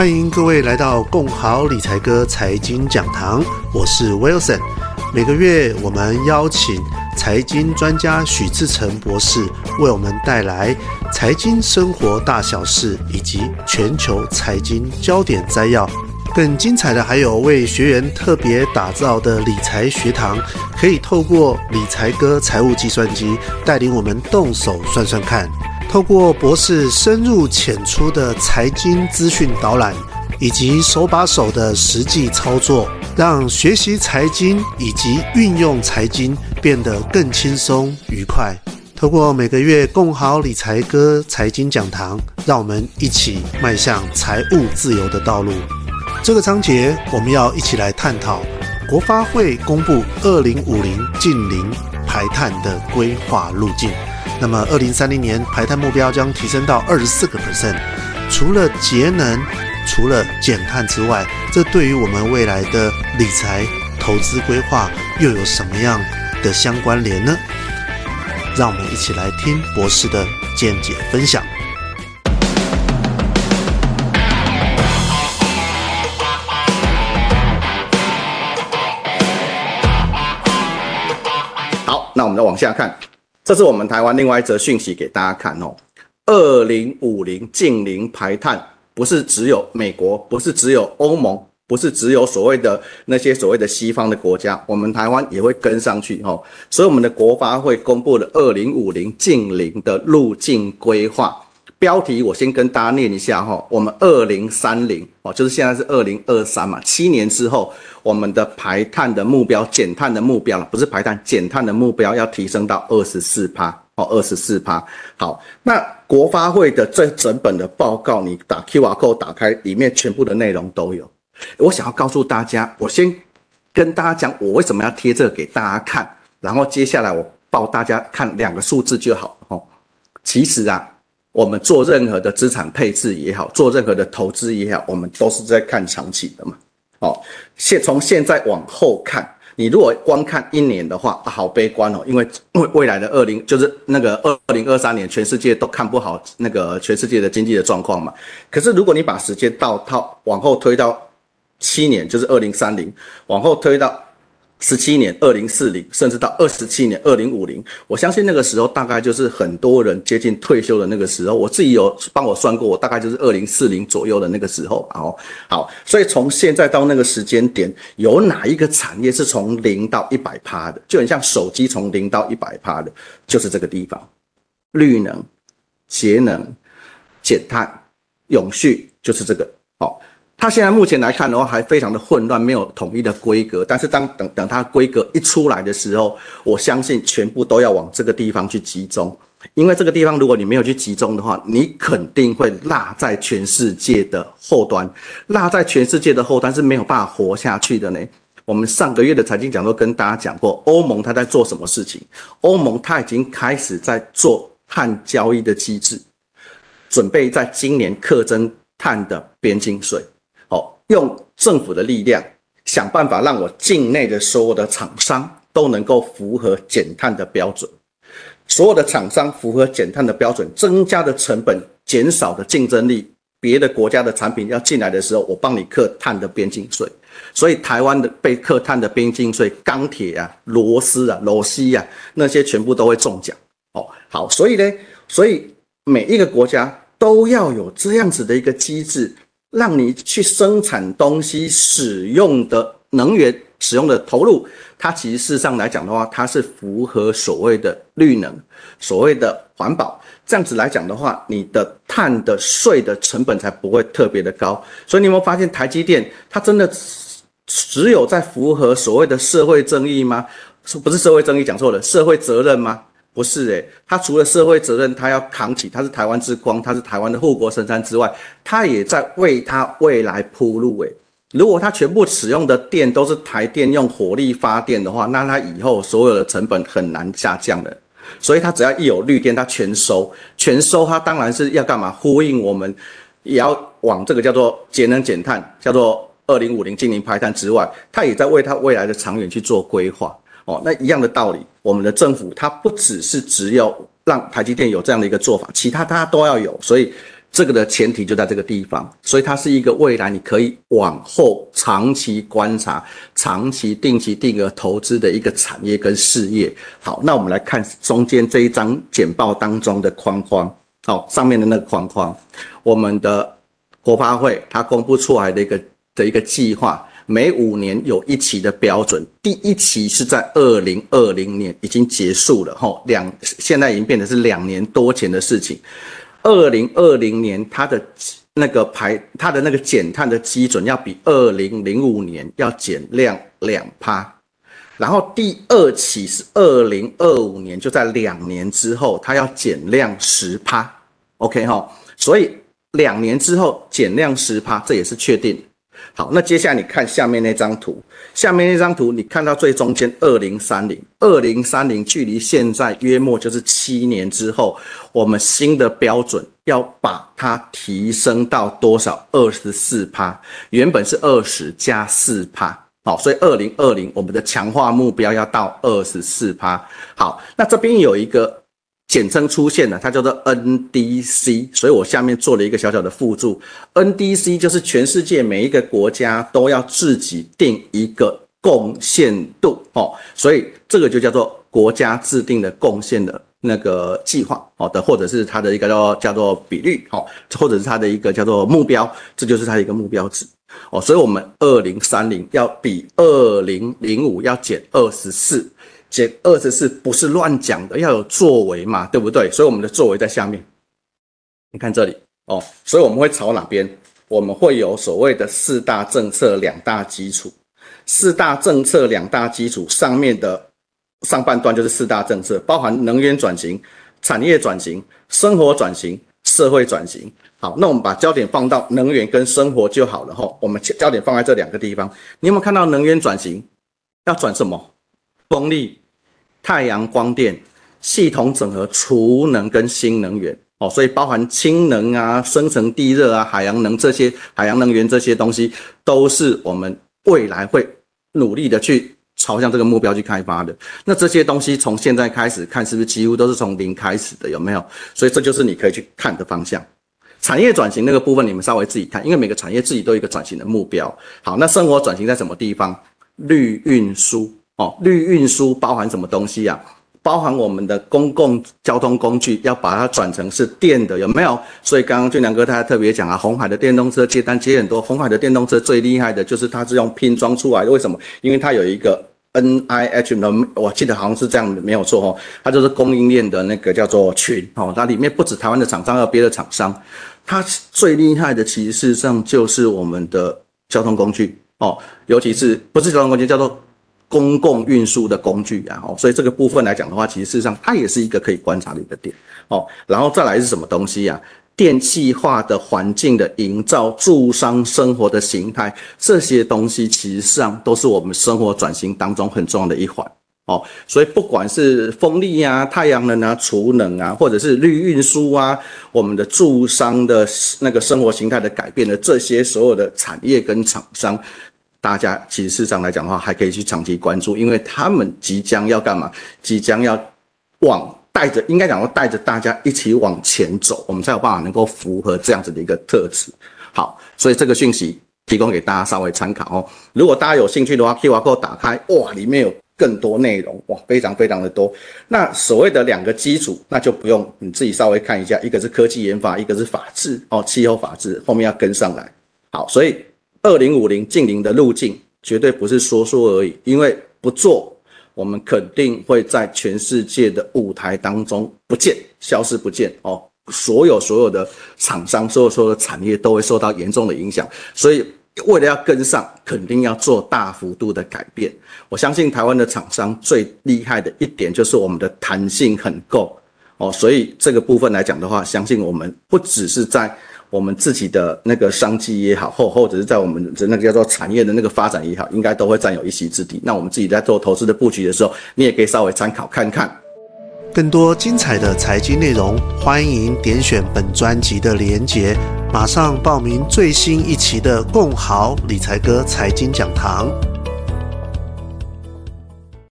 歡迎各位來到共好理財鴿財經講堂，我是 Wilson。每個月我們邀請財經專家許志誠博士為我們帶來財經生活大小事以及全球財經焦點摘要。更精彩的還有為學員特別打造的理財學堂，可以透過理財鴿財務計算機帶領我們動手算算看。透過博士深入淺出的財經資訊導覽，以及手把手的實際操作，讓學習財經以及運用財經變得更輕鬆愉快。透過每個月共好理財鴿財經講堂，讓我們一起邁向財務自由的道路。這個章節我們要一起來探討，國發會公布二零五零淨零排碳的規劃路徑。那麼，二零三零年排碳目標將提升到二十四個 percent。除了節能，除了減碳之外，這對於我們未來的理財投資規劃又有什麼樣的相關聯呢？讓我們一起來聽博士的見解分享。好，那我們再往下看。這是我們台灣另外一則訊息給大家看哦。二零五零淨零排碳，不是只有美國，不是只有歐盟，不是只有所謂的那些所謂的西方的國家，我們台灣也會跟上去哦。所以我們的國發會公布了二零五零淨零的路徑規劃。標題我先跟大家念一下哈，我們二零三零哦，就是現在是二零二三嘛，七年之後我們的排碳的目標，減碳的目標了，不是排碳減碳的目標要提升到二十四趴哦，二十四趴。好，那國發會的這整本的報告，你打 QR Code 打開，裡面全部的內容都有。我想要告訴大家，我先跟大家講我為什麼要貼這個給大家看，然後接下來我報大家看兩個數字就好哦。其實啊。我們做任何的資產配置也好，做任何的投資也好，我們都是在看長期的嘛。哦，現從現在往後看，你如果光看一年的話，啊，好悲觀哦，因為未來的二零就是那個二零二三年，全世界都看不好那個全世界的經濟的狀況嘛。可是如果你把時間倒套往後推到七年，就是二零三零，往後推到。十七年二零四零，甚至到二十七年二零五零，我相信那個時候大概就是很多人接近退休的那個時候。我自己有幫我算過，我大概就是二零四零左右的那個時候。好，好，所以從現在到那個時間點，有哪一個產業是從零到一百趴的？就很像手機從零到一百趴的，就是這個地方，綠能、節能、減碳、永續，就是這個好。哦它現在目前來看的話，還非常的混亂，沒有統一的規格。但是當等等它規格一出來的時候，我相信全部都要往這個地方去集中，因為這個地方如果你沒有去集中的話，你肯定會落在全世界的後端，落在全世界的後端，是沒有辦法活下去的呢。我們上個月的財經講堂跟大家講過，歐盟它在做什麼事情？歐盟它已經開始在做碳交易的機制，準備在今年課徵碳的邊境稅。用政府的力量想辦法，讓我境內的所有的廠商都能夠符合減碳的標準。所有的廠商符合減碳的標準，增加的成本，減少的競爭力，別的國家的產品要進來的時候，我幫你課碳的邊境稅。所以台灣的被課碳的邊境稅，鋼鐵啊、螺絲啊、螺絲啊，那些全部都會中獎哦。好，所以呢，所以每一個國家都要有這樣子的一個機制。讓你去生產東西使用的能源使用的投入，它其實事實上來講的話，它是符合所謂的綠能，所謂的環保。這樣子來講的話，你的碳的稅的成本才不會特別的高。所以你有沒有發現，台積電它真的只有在符合所謂的社會正義嗎？不是社會正義講錯了？社會責任嗎？不是誒，他除了社會責任，他要扛起，他是台灣之光，他是台灣的護國神山之外，他也在為他未來鋪路誒。如果他全部使用的電都是台電用火力發電的話，那他以後所有的成本很難下降的。所以他只要一有綠電，他全收全收，他當然是要幹嘛？呼應我們也要往這個叫做節能減碳，叫做二零五零淨零排碳之外，他也在為他未來的長遠去做規劃。哦，那一樣的道理，我們的政府它不只是只有讓台積電有這樣的一個做法，其他它都要有。所以這個的前提就在這個地方，所以它是一個未來你可以往後長期觀察、長期定期定額投資的一個產業跟事業。好，那我們來看中間這一張簡報當中的框框，好，哦，上面的那個框框，我們的國發會它公布出來的一個的一個計劃。每五年有一期的標準，第一期是在二零二零年已經結束了齁，兩現在已經變成是兩年多前的事情。二零二零年它的那個排它的那個減碳的基準要比二零零五年要減量兩趴，然後第二期是二零二五年，就在兩年之後，它要減量十趴。OK 哈，所以兩年之後減量十趴，這也是確定。好，那接下來你看下面那張圖，下面那張圖，你看到最中間二零三零，二零三零距離現在約莫就是七年之後，我們新的標準要把它提升到多少？二十四趴，原本是二十加四趴。好，所以二零二零我們的強化目標要到二十四趴。好，那這邊有一個。簡稱出現了，它叫做 NDC，所以我下面做了一個小小的附注，NDC 就是全世界每一個國家都要自己定一個貢獻度哦，所以這個就叫做國家制定的貢獻的那個計劃的，或者是它的一個叫叫做比率，或者是它的一個叫做目標，這就是它的一個目標值哦，所以我們二零三零要比二零零五要減二十四。24, 減二十四不是亂講的，要有作為嘛，對不對？所以我們的作為在下面，你看這裡哦。所以我們會朝哪邊？我們會有所謂的四大政策、兩大基礎。四大政策、兩大基礎上面的上半段就是四大政策，包含能源轉型、產業轉型、生活轉型、社會轉型。好，那我們把焦點放到能源跟生活就好了哈、哦。我們焦點放在這兩個地方。你有沒有看到能源轉型要轉什麼？風力。太陽光電系統整合儲能跟新能源哦，所以包含氫能啊、深層地熱啊、海洋能這些海洋能源這些東西，都是我們未來會努力的去朝向這個目標去開發的。那這些東西從現在開始看，是不是幾乎都是從零開始的？有沒有？所以這就是你可以去看的方向。產業轉型那個部分，你們稍微自己看，因為每個產業自己都有一個轉型的目標。好，那生活轉型在什麼地方？綠運輸。哦，綠運輸包含什麼東西啊？包含我們的公共交通工具，要把它轉成是電的，有沒有？所以剛剛俊良哥他特別講啊，鴻海的電動車接單接很多，鴻海的電動車最厲害的就是它是用拼裝出來的，為什麼？因為它有一個 NIH，我記得好像是這樣，沒有錯哦，它就是供應鏈的那個叫做群哦，它裡面不止台灣的廠商和別的廠商，它最厲害的其實事實上就是我們的交通工具哦，尤其是不是交通工具，叫做。公共運輸的工具啊，然後所以這個部分來講的話，其實事實上它也是一個可以觀察的一個點，哦，然後再來是什麼東西啊？電氣化的環境的營造，住商生活的形態，這些東西其實上都是我們生活轉型當中很重要的一環，哦，所以不管是風力啊、太陽能啊、儲能啊，或者是綠運輸啊，我們的住商的那個生活形態的改變的這些所有的產業跟廠商。大家其實市場來講的話，還可以去長期關注，因為他們即將要幹嘛？即將要往帶着，應該講要帶着大家一起往前走，我們才有辦法能夠符合這樣子的一個特質。好，所以這個訊息提供給大家稍微參考哦。如果大家有興趣的話，QR Code 打開，哇，裡面有更多內容，哇，非常非常的多。那所謂的兩個基礎，那就不用，你自己稍微看一下，一個是科技研發，一個是法治哦，氣候法治後面要跟上來。好，所以，二零五零淨零的路徑絕對不是說說而已，因為不做，我們肯定會在全世界的舞台當中不見消失不見哦。所有所有的廠商，所有所有的產業都會受到嚴重的影響。所以為了要跟上，肯定要做大幅度的改變。我相信台灣的廠商最厲害的一點就是我們的彈性很夠哦。所以這個部分來講的話，相信我們不只是在。我們自己的那個商機也好，或或者是在我們的那個叫做產業的那個發展也好，應該都會占有一席之地。那我們自己在做投資的布局的時候，你也可以稍微參考看看。更多精彩的財經內容，歡迎點選本專輯的連結，馬上報名最新一期的共好理財鴿財經講堂。